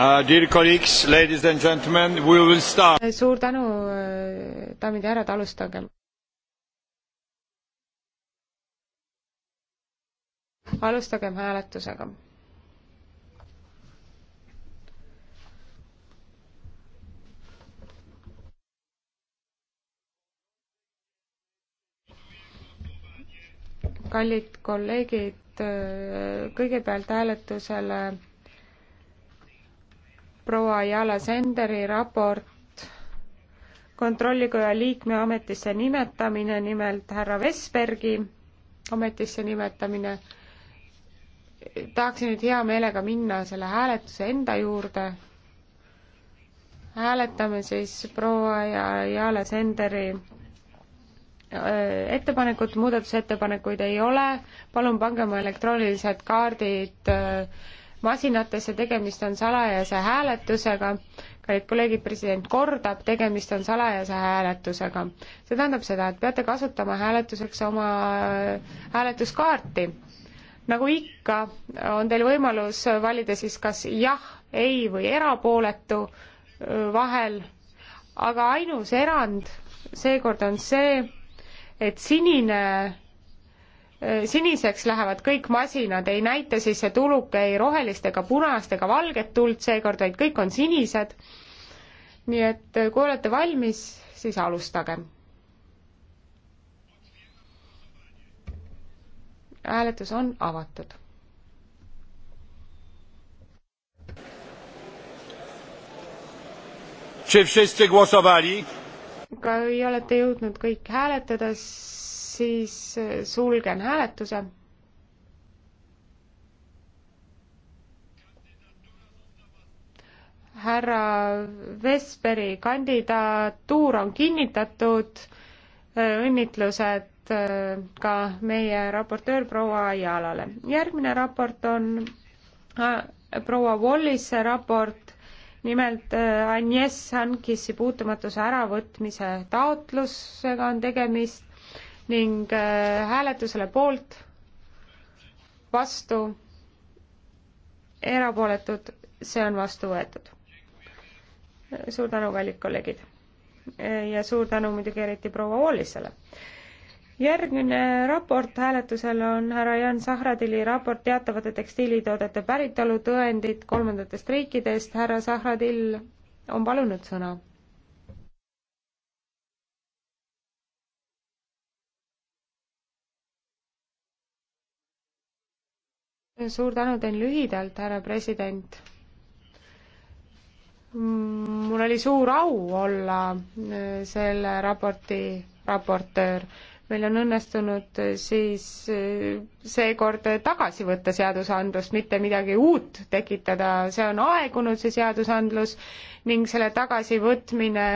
Uh, dear colleagues, ladies and gentlemen, we will start. Eh, suur tänu, eh, daamid ja härrad, alustage. alustagem hääletusega. kallid kolleegid, eh, kõigepealt hääletusele proua Jala Senderi raport kontrollikoja liikme ametisse nimetamine, nimelt härra Vesbergi ametisse nimetamine. tahaksin nüüd hea meelega minna selle hääletuse enda juurde. hääletame siis proua ja Jaale Senderi äh, ettepanekut, muudatusettepanekuid ei ole, palun pange oma elektroonilised kaardid äh, masinatesse, tegemist on salajase hääletusega, kallid kolleegid, president kordab, tegemist on salajase hääletusega. see tähendab seda, et peate kasutama hääletuseks oma äh, hääletuskaarti. nagu ikka, on teil võimalus valida siis kas jah, ei või erapooletu äh, vahel, aga ainus erand seekord on see, et sinine Äh, siniseks lähevad kõik masinad, ei näita siis see tuluke ei rohelist ega punast ega valget tuld seekord, vaid kõik on sinised. nii et äh, kui olete valmis, siis alustage. hääletus on avatud. kas olete jõudnud kõik hääletada? siis eh, sulgen hääletuse. härra Vesperi kandidatuur on kinnitatud, eh, õnnitlused eh, ka meie raportöör proua Ajalale. järgmine raport on ah, proua Wallise raport, nimelt Agnes Sankissi puutumatuse äravõtmise taotlusega on tegemist ning äh, hääletusele poolt, vastu, erapooletud, see on vastu võetud. suur tänu, kallid kolleegid! ja suur tänu muidugi eriti proua Wallisele. järgmine raport hääletusel on härra Jan Sahradili raport teatavate tekstiilitoodete päritolu tõendid kolmandatest riikidest. härra Sahradil on palunud sõna suur tänu, teen lühidalt, härra president. mul oli suur au olla äh, selle raporti raportöör meil on õnnestunud eh, siis eh, seekord eh, tagasi võtta seadusandlust, mitte midagi uut tekitada, see on aegunud, see seadusandlus, ning selle tagasivõtmine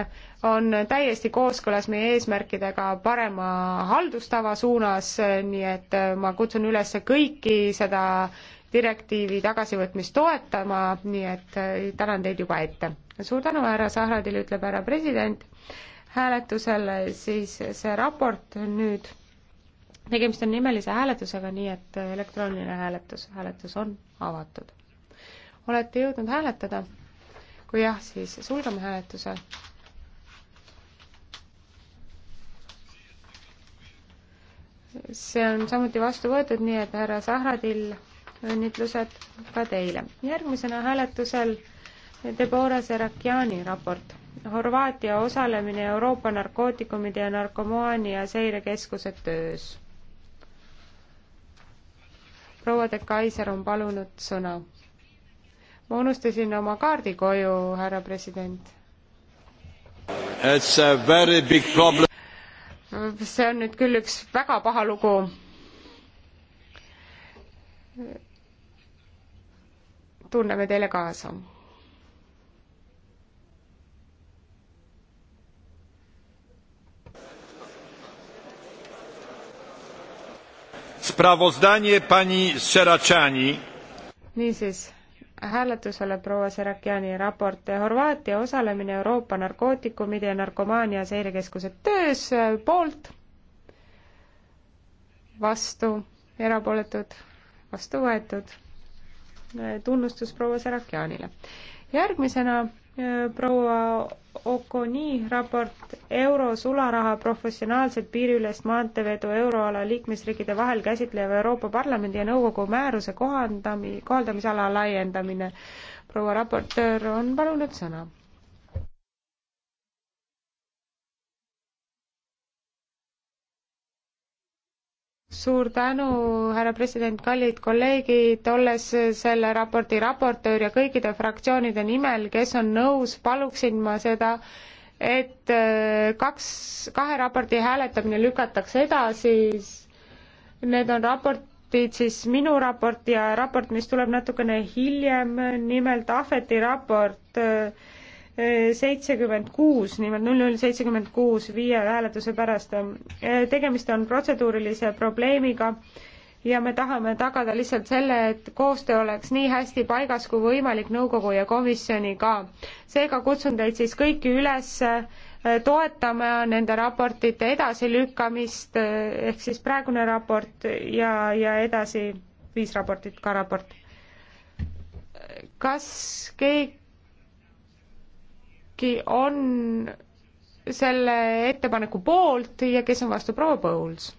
on täiesti kooskõlas meie eesmärkidega parema haldustava suunas, nii et ma kutsun üles kõiki seda direktiivi tagasivõtmist toetama, nii et tänan teid juba ette. suur tänu, härra Sahradil, ütleb härra president hääletusele siis see raport nüüd. tegemist on nimelise hääletusega, nii et elektrooniline hääletus, hääletus on avatud. olete jõudnud hääletada? kui jah, siis sulgeme hääletuse. see on samuti vastu võetud, nii et härra Sahradil õnnitlused ka teile. järgmisena hääletusel Debora Serakjani raport Horvaatia osalemine Euroopa narkootikumide ja narkomaania seirekeskuse töös. proua de Kaiser on palunud sõna. ma unustasin oma kaardi koju, härra president. see on nüüd küll üks väga paha lugu tunneme teile kaasa sprawozdanie pani Seracani. niisiis, hääletusele proua Seracani raport Horvaatia osalemine Euroopa narkootikumide ja narkomaania seirekeskuse töös poolt, vastu, erapooletud, vastu võetud. tunnustus proua Seracjanile. järgmisena proua Okoni raport euro sularaha professionaalset piiriülest maanteevedu euroala liikmesriikide vahel käsitleva Euroopa Parlamendi ja Nõukogu määruse kohandami, kohaldamisala laiendamine. proua raportöör on palunud sõna suur tänu, härra president, kallid kolleegid, olles selle raporti raportöör ja kõikide fraktsioonide nimel, kes on nõus, paluksin ma seda, et äh, kaks, kahe raporti hääletamine lükatakse edasi, need on raportid siis minu raport ja raport, mis tuleb natukene hiljem, nimelt Ahveti raport äh, seitsekümmend kuus, nimelt null null seitsekümmend kuus viie hääletuse pärast. tegemist on protseduurilise probleemiga ja me tahame tagada lihtsalt selle, et koostöö oleks nii hästi paigas kui võimalik nõukogu ja komisjoniga. seega kutsun teid siis kõiki üles äh, toetama nende raportite edasilükkamist äh, ehk siis praegune raport ja, ja edasi viis raportit ka raport. kas keegi äkki on selle ettepaneku poolt ja kes on vastu, proua Põuls?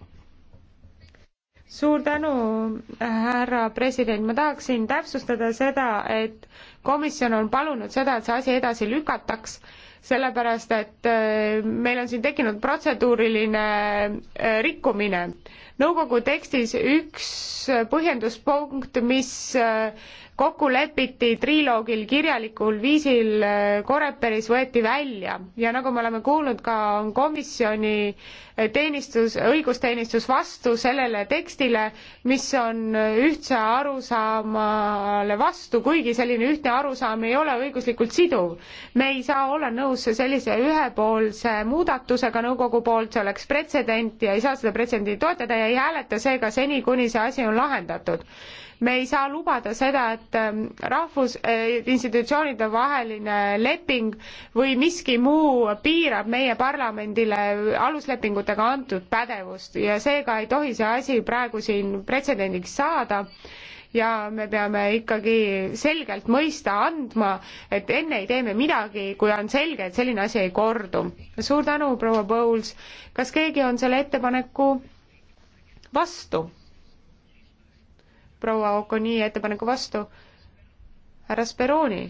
suur tänu, härra president, ma tahaksin täpsustada seda, et komisjon on palunud seda, et see asi edasi lükataks, sellepärast et äh, meil on siin tekkinud protseduuriline äh, rikkumine. nõukogu tekstis üks põhjenduspunkt, mis äh, kokku lepiti triloogil kirjalikul viisil Koreperis võeti välja ja nagu me oleme kuulnud, ka on komisjoni teenistus, õigusteenistus vastu sellele tekstile, mis on ühtse arusaamale vastu, kuigi selline ühtne arusaam ei ole õiguslikult siduv. me ei saa olla nõus sellise ühepoolse muudatusega nõukogu poolt, see oleks pretsedent ja ei saa seda pretsedenti toetada ja ei hääleta seega seni, kuni see asi on lahendatud me ei saa lubada seda, et ähm, rahvus, institutsioonide vaheline leping või miski muu piirab meie parlamendile aluslepingutega antud pädevust ja seega ei tohi see asi praegu siin pretsedendiks saada ja me peame ikkagi selgelt mõista andma, et enne ei tee me midagi, kui on selge, et selline asi ei kordu. suur tänu, proua Bowles. kas keegi on selle ettepaneku vastu? proua Okoni ettepaneku vastu. härra Speroni,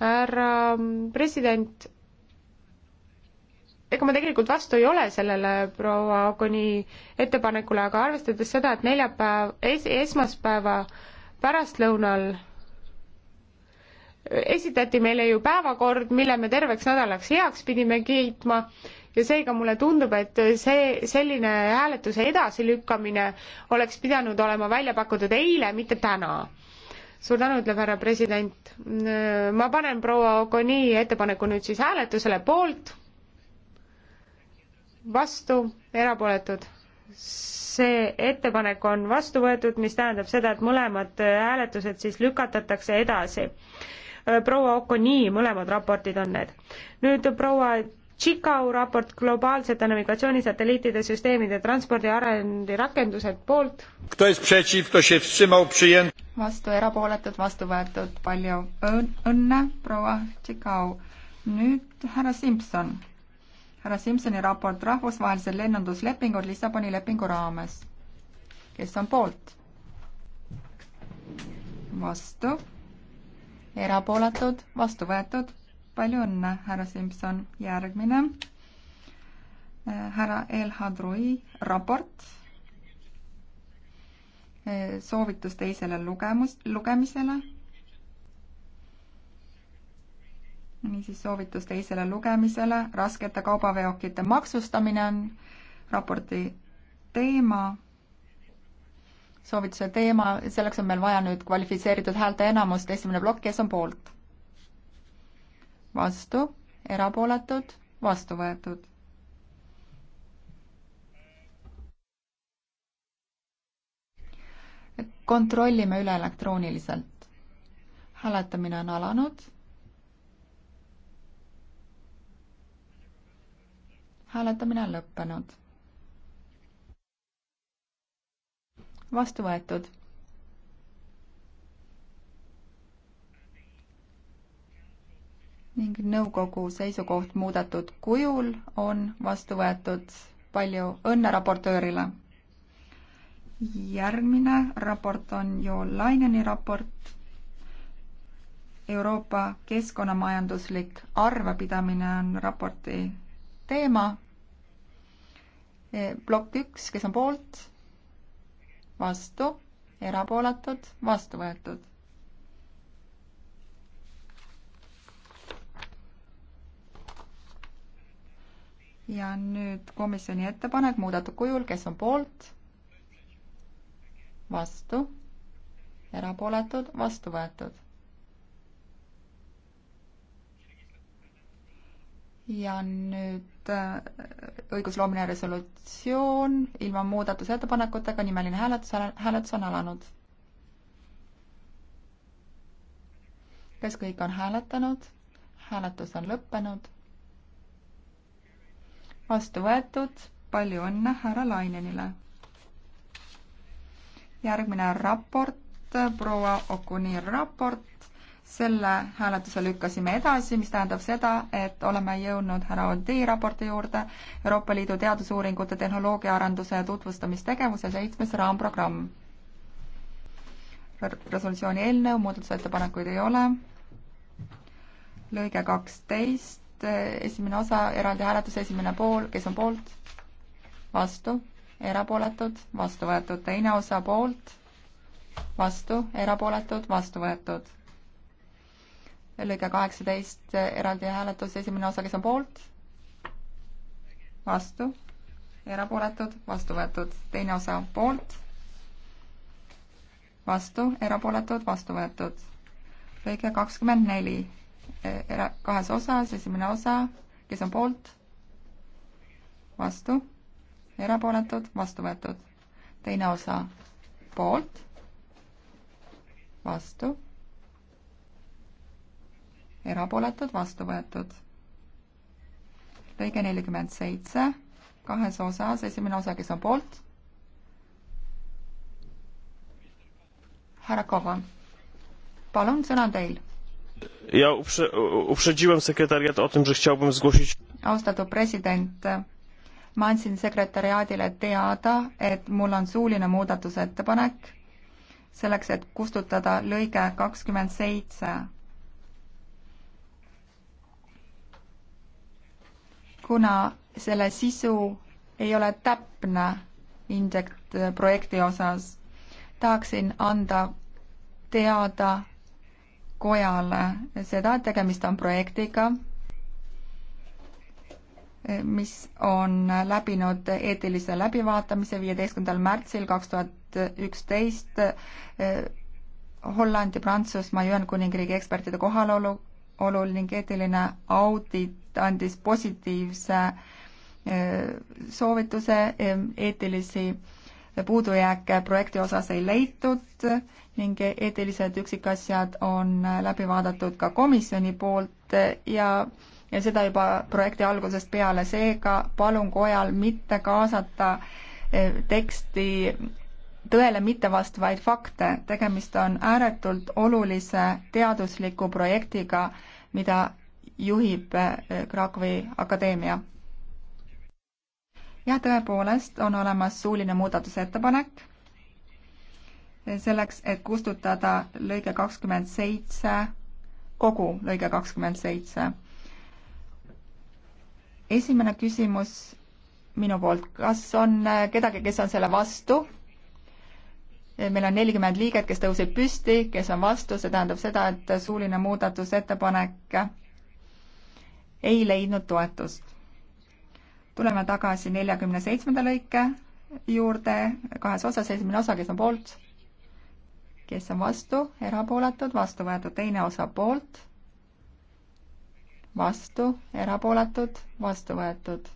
härra mm, president, ega ma tegelikult vastu ei ole sellele proua Okoni ettepanekule, aga arvestades seda, et neljapäev es, esmaspäeva pärastlõunal esitati meile ju päevakord, mille me terveks nädalaks heaks pidime kiitma ja seega mulle tundub, et see selline hääletuse edasilükkamine oleks pidanud olema välja pakutud eile, mitte täna. suur tänu, ütleb härra president. ma panen proua Okoni ettepaneku nüüd siis hääletusele poolt, vastu, erapooletud. see ettepanek on vastu võetud, mis tähendab seda, et mõlemad hääletused siis lükatatakse edasi Äh, proua Okoni, mõlemad raportid on need. nüüd proua Chikau raport globaalsete navigatsioonisatelliitide süsteemide transpordi arendi rakendused poolt. vastu erapooletud, vastu võetud, palju õnne, proua Chikau. nüüd härra Simson. härra Simsoni raport rahvusvahelised lennunduslepingud Lissaboni lepingu raames. kes on poolt? vastu erapooletud, vastu võetud. palju õnne, härra Simson. järgmine äh, härra El Hadrui raport äh, soovitus teisele lugemus, lugemisele. niisiis soovitus teisele lugemisele, raskete kaubaveokite maksustamine on raporti teema soovituse teema, selleks on meil vaja nüüd kvalifitseeritud häälteenamust, esimene plokk, kes on poolt? vastu, erapooletud, vastu võetud. kontrollime üle elektrooniliselt. hääletamine on alanud. hääletamine on lõppenud vastu võetud. ning nõukogu seisukoht muudetud kujul on vastu võetud. palju õnne raportöörile! järgmine raport on Jo Laineni raport. Euroopa keskkonnamajanduslik arvepidamine on raporti teema. Eh, plokk üks, kes on poolt vastu, erapooletud, vastu võetud. ja nüüd komisjoni ettepanek muudetud kujul, kes on poolt, vastu, erapooletud, vastu võetud. ja nüüd äh, õigusloomine resolutsioon ilma muudatusettepanekutega, nimeline hääletus, hääletus on alanud. kas kõik on hääletanud? hääletus on lõppenud. vastu võetud, palju õnne härra Lainenile. järgmine raport, proua Okuni raport selle hääletuse lükkasime edasi, mis tähendab seda, et oleme jõudnud härra Ondi raporti juurde Euroopa Liidu teadusuuringute tehnoloogiaarenduse ja tutvustamistegevuse seitsmes raamprogramm. resolutsiooni eelnõu muudatusettepanekuid ei ole. lõige kaksteist, esimene osa, eraldi hääletus, esimene pool, kes on poolt? vastu, erapooletud, vastu võetud, teine osa poolt, vastu, erapooletud, vastu võetud lõige kaheksateist eraldi hääletus, esimene osa, kes on poolt, vastu, erapooletud, vastu võetud, teine osa poolt, vastu, erapooletud, vastu võetud. lõige kakskümmend neli, era-, kahes osas, esimene osa, kes on poolt, vastu, erapooletud, vastu võetud. teine osa poolt, vastu erapooletud, vastu võetud. lõige nelikümmend seitse, kahes osas, esimene osa, kes on poolt? härra Kova, palun, sõna on teil. ja uprze, uprzedziłem sekretariat o tym, że chciałbym zgłosić austatud president, ma andsin sekretäriaadile teada, et mul on suuline muudatusettepanek selleks, et kustutada lõige kakskümmend seitse kuna selle sisu ei ole täpne Inject projekti osas, tahaksin anda teada kojale seda, et tegemist on projektiga, mis on läbinud eetilise läbivaatamise viieteistkümnendal märtsil kaks tuhat üksteist eh, Hollandi, Prantsusmaa, Ühendkuningriigi ekspertide kohalolu, olul ning eetiline audit raport andis positiivse eh, soovituse, eetilisi puudujääke projekti osas ei leitud ning eetilised üksikasjad on läbi vaadatud ka komisjoni poolt ja, ja seda juba projekti algusest peale, seega palun kojal mitte kaasata eh, teksti tõele mittevastavaid fakte, tegemist on ääretult olulise teadusliku projektiga, mida juhib eh, Krakowi akadeemia. jah, tõepoolest on olemas suuline muudatusettepanek eh, selleks, et kustutada lõige kakskümmend seitse, kogu lõige kakskümmend seitse. esimene küsimus minu poolt, kas on eh, kedagi, kes on selle vastu? meil on nelikümmend liiget, kes tõusid püsti, kes on vastu, see tähendab seda, et suuline muudatusettepanek ei leidnud toetust. tuleme tagasi neljakümne seitsmenda lõike juurde kahes osas, esimene osa, kes on poolt, kes on vastu, erapooletud, vastu võetud, teine osa poolt, vastu, erapooletud, vastu võetud.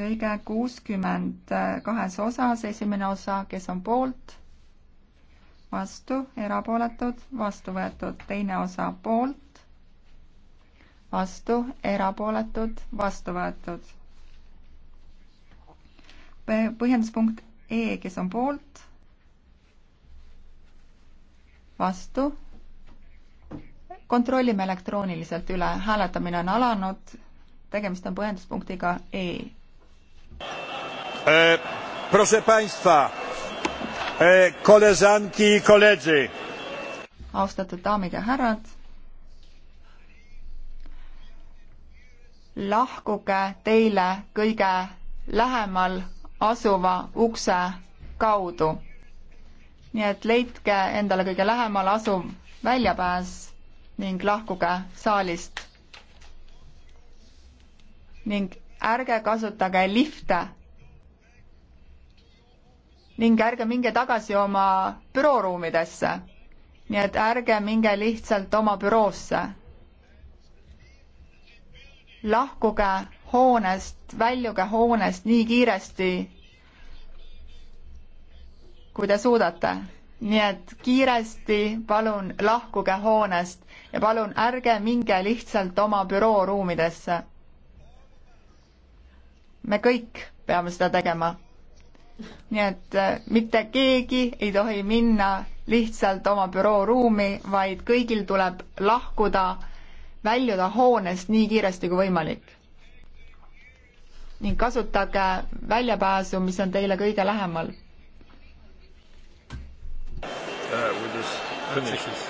lõige kuuskümmend kahes osas, esimene osa, kes on poolt vastu, erapooletud, vastu võetud, teine osa poolt, vastu, erapooletud, vastu võetud. põhjenduspunkt E, kes on poolt, vastu. kontrollime elektrooniliselt üle, hääletamine on alanud, tegemist on põhjenduspunktiga E. e proszę Państwa, e, koleżanki i koledzy. Austatud daamid ja härrad lahkuge teile kõige lähemal asuva ukse kaudu. nii et leidke endale kõige lähemal asuv väljapääs ning lahkuge saalist. ning ärge kasutage lifte. ning ärge minge tagasi oma bürooruumidesse. nii et ärge minge lihtsalt oma büroosse lahkuge hoonest, väljuge hoonest nii kiiresti, kui te suudate. nii et kiiresti palun lahkuge hoonest ja palun ärge minge lihtsalt oma bürooruumidesse. me kõik peame seda tegema. nii et eh, mitte keegi ei tohi minna lihtsalt oma bürooruumi, vaid kõigil tuleb lahkuda väljuda hoonest nii kiiresti kui võimalik. ning kasutage väljapääsu, mis on teile kõige lähemal uh,.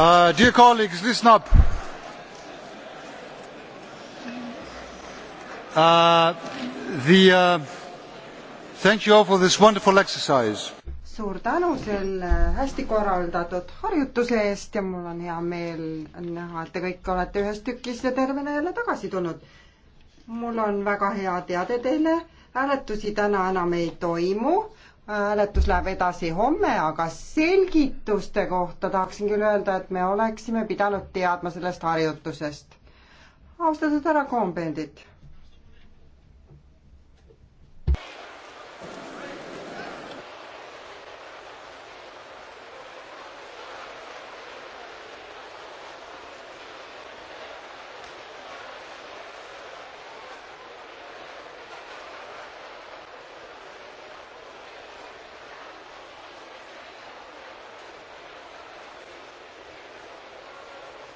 Uh, dear colleagues, listen up. Uh, the, uh, thank you all for this wonderful exercise. suur tänu selle hästi korraldatud harjutuse eest ja mul on hea meel näha, et te kõik olete ühes tükis ja tervena jälle tagasi tulnud. mul on väga hea teade teile, hääletusi täna enam ei toimu hääletus läheb edasi homme, aga selgituste kohta tahaksin küll öelda, et me oleksime pidanud teadma sellest harjutusest. austatud härra Koompendit